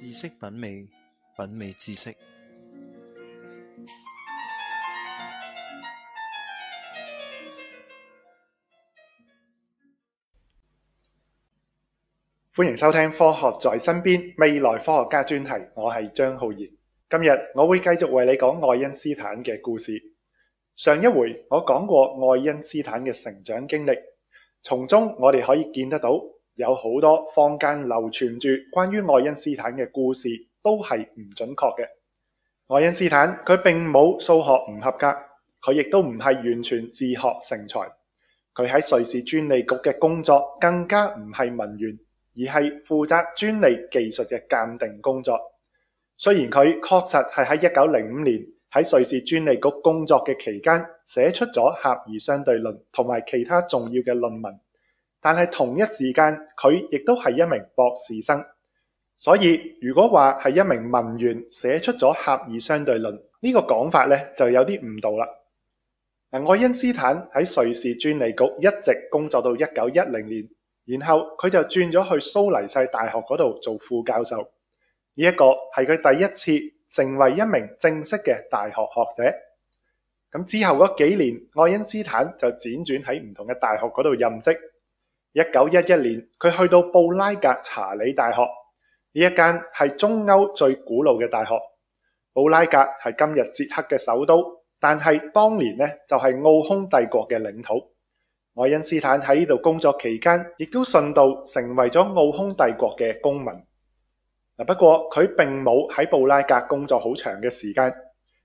知識品味，品味知識。歡迎收聽《科學在身邊》未來科學家專題，我係張浩然。今日我會繼續為你講愛因斯坦嘅故事。上一回我講過愛因斯坦嘅成長經歷，從中我哋可以見得到。有好多坊間流傳住關於愛因斯坦嘅故事都係唔準確嘅。愛因斯坦佢並冇數學唔合格，佢亦都唔係完全自學成才。佢喺瑞士專利局嘅工作更加唔係文員，而係負責專利技術嘅鑑定工作。雖然佢確實係喺一九零五年喺瑞士專利局工作嘅期間寫出咗狹義相對論同埋其他重要嘅論文。但係同一時間，佢亦都係一名博士生，所以如果話係一名文員寫出咗狹義相對論，這個，呢個講法咧，就有啲誤導啦。嗱，愛因斯坦喺瑞士專利局一直工作到一九一零年，然後佢就轉咗去蘇黎世大學嗰度做副教授。呢、這、一個係佢第一次成為一名正式嘅大學學者。咁之後嗰幾年，愛因斯坦就輾轉喺唔同嘅大學嗰度任職。一九一一年，佢去到布拉格查理大學，呢一間係中歐最古老嘅大學。布拉格係今日捷克嘅首都，但係當年呢，就係奧匈帝國嘅領土。愛因斯坦喺呢度工作期間，亦都順道成為咗奧匈帝國嘅公民。不過佢並冇喺布拉格工作好長嘅時間。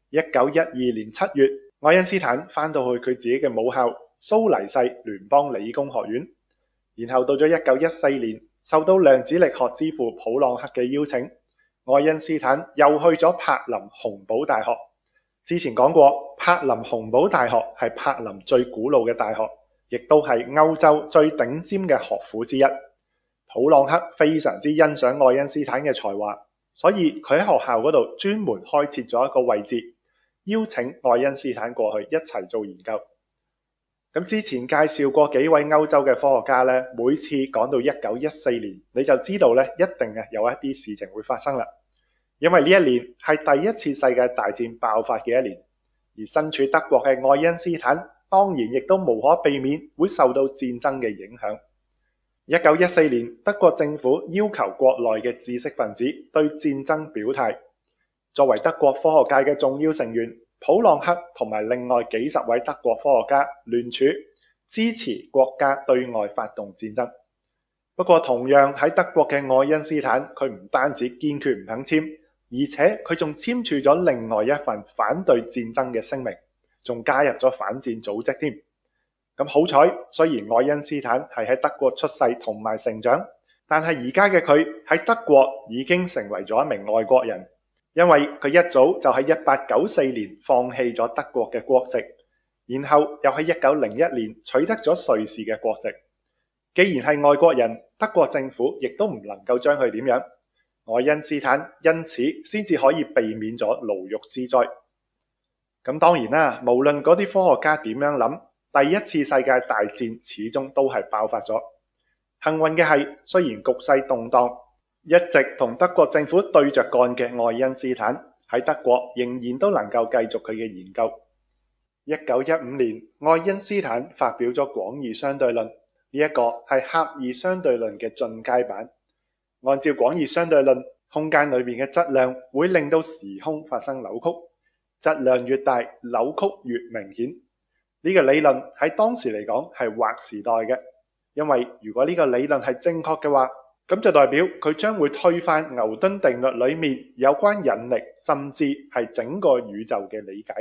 一九一二年七月，愛因斯坦翻到去佢自己嘅母校蘇黎世聯邦理工學院。然後到咗一九一四年，受到量子力學之父普朗克嘅邀請，愛因斯坦又去咗柏林洪堡大學。之前講過，柏林洪堡大學係柏林最古老嘅大學，亦都係歐洲最頂尖嘅學府之一。普朗克非常之欣賞愛因斯坦嘅才華，所以佢喺學校嗰度專門開設咗一個位置，邀請愛因斯坦過去一齊做研究。咁之前介紹過幾位歐洲嘅科學家咧，每次講到1914年，你就知道咧，一定啊有一啲事情會發生啦。因為呢一年係第一次世界大戰爆發嘅一年，而身處德國嘅愛因斯坦當然亦都無可避免會受到戰爭嘅影響。1914年，德國政府要求國內嘅知識分子對戰爭表態，作為德國科學界嘅重要成員普朗克同埋另外幾十位德國科學家聯署支持國家對外發動戰爭。不過，同樣喺德國嘅愛因斯坦，佢唔單止堅決唔肯簽，而且佢仲簽署咗另外一份反對戰爭嘅聲明，仲加入咗反戰組織添。咁好彩，雖然愛因斯坦係喺德國出世同埋成長，但係而家嘅佢喺德國已經成為咗一名外國人。因為佢一早就喺一八九四年放棄咗德國嘅國籍，然後又喺一九零一年取得咗瑞士嘅國籍。既然係外國人，德國政府亦都唔能夠將佢點樣，愛因斯坦因此先至可以避免咗牢獄之災。咁當然啦，無論嗰啲科學家點樣諗，第一次世界大戰始終都係爆發咗。幸運嘅係，雖然局勢動盪。一直同德國政府對着幹嘅愛因斯坦喺德國仍然都能夠繼續佢嘅研究。一九一五年，愛因斯坦發表咗廣義相對論，呢一個係狹義相對論嘅進階版。按照廣義相對論，空間裏面嘅質量會令到時空發生扭曲，質量越大，扭曲越明顯。呢個理論喺當時嚟講係劃時代嘅，因為如果呢個理論係正確嘅話，咁就代表佢將會推翻牛頓定律裏面有關引力，甚至係整個宇宙嘅理解。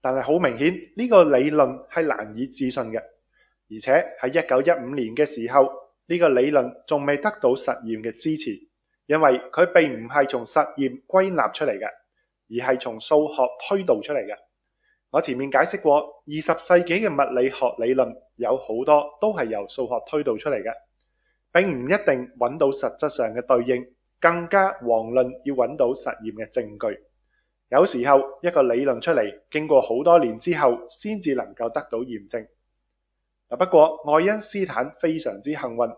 但係好明顯，呢個理論係難以置信嘅，而且喺一九一五年嘅時候，呢個理論仲未得到實驗嘅支持，因為佢並唔係從實驗歸納出嚟嘅，而係從數學推導出嚟嘅。我前面解釋過，二十世紀嘅物理學理論有好多都係由數學推導出嚟嘅。並唔一定揾到實質上嘅對應，更加遑論要揾到實驗嘅證據。有時候一個理論出嚟，經過好多年之後，先至能夠得到驗證。嗱，不過，愛因斯坦非常之幸運，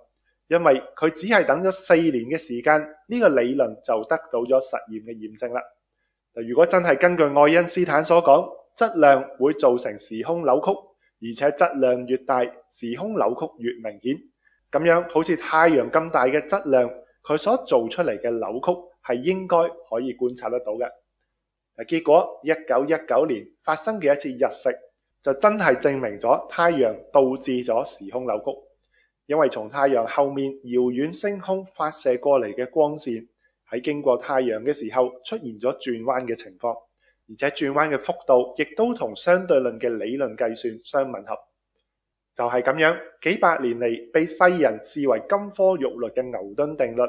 因為佢只係等咗四年嘅時間，呢個理論就得到咗實驗嘅驗證啦。嗱，如果真係根據愛因斯坦所講，質量會造成時空扭曲，而且質量越大，時空扭曲越明顯。咁樣好似太陽咁大嘅質量，佢所做出嚟嘅扭曲係應該可以觀察得到嘅。啊，結果一九一九年發生嘅一次日食就真係證明咗太陽導致咗時空扭曲，因為從太陽後面遙遠星空發射過嚟嘅光線喺經過太陽嘅時候出現咗轉彎嘅情況，而且轉彎嘅幅度亦都同相對論嘅理論計算相吻合。就係咁樣，幾百年嚟被世人視為金科玉律嘅牛頓定律，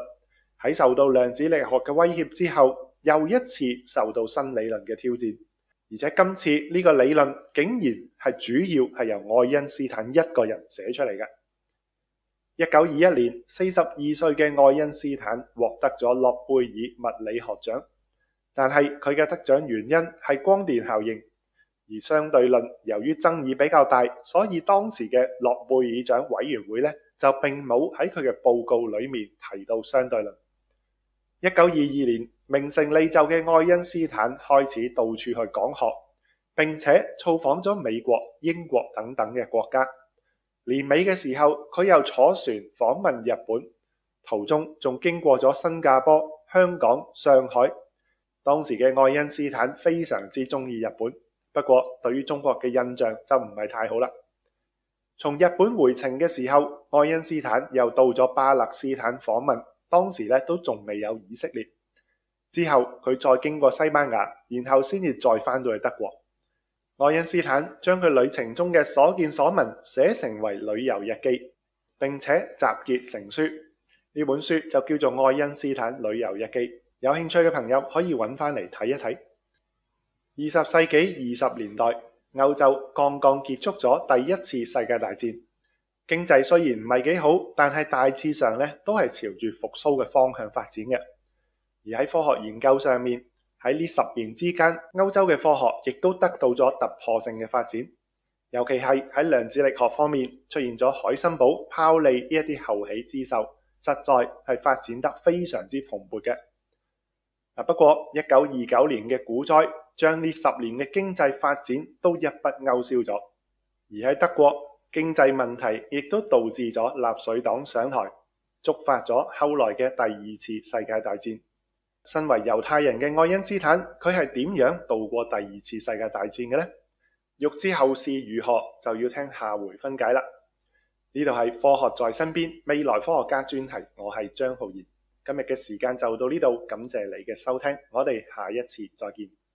喺受到量子力學嘅威脅之後，又一次受到新理論嘅挑戰。而且今次呢個理論竟然係主要係由愛因斯坦一個人寫出嚟嘅。一九二一年，四十二歲嘅愛因斯坦獲得咗諾貝爾物理學獎，但係佢嘅得獎原因係光電效應。而相對論由於爭議比較大，所以當時嘅諾貝爾獎委員會呢，就並冇喺佢嘅報告裏面提到相對論。一九二二年名成利就嘅愛因斯坦開始到處去講學，並且造訪咗美國、英國等等嘅國家。年尾嘅時候，佢又坐船訪問日本，途中仲經過咗新加坡、香港、上海。當時嘅愛因斯坦非常之中意日本。不過，對於中國嘅印象就唔係太好啦。從日本回程嘅時候，愛因斯坦又到咗巴勒斯坦訪問，當時咧都仲未有以色列。之後佢再經過西班牙，然後先至再翻到去德國。愛因斯坦將佢旅程中嘅所見所聞寫成為旅遊日記，並且集結成書。呢本書就叫做《愛因斯坦旅遊日記》，有興趣嘅朋友可以揾翻嚟睇一睇。二十世紀二十年代，歐洲剛剛結束咗第一次世界大戰，經濟雖然唔係幾好，但係大致上咧都係朝住復蘇嘅方向發展嘅。而喺科學研究上面，喺呢十年之間，歐洲嘅科學亦都得到咗突破性嘅發展，尤其係喺量子力學方面出現咗海森堡、泡利呢一啲後起之秀，實在係發展得非常之蓬勃嘅。不過一九二九年嘅股災，將呢十年嘅經濟發展都一筆勾銷咗，而喺德國經濟問題亦都導致咗納粹黨上台，觸發咗後來嘅第二次世界大戰。身為猶太人嘅愛因斯坦，佢係點樣度過第二次世界大戰嘅呢？欲知後事如何，就要聽下回分解啦。呢度係科學在身邊未來科學家專題，我係張浩然。今日嘅時間就到呢度，感謝你嘅收聽，我哋下一次再見。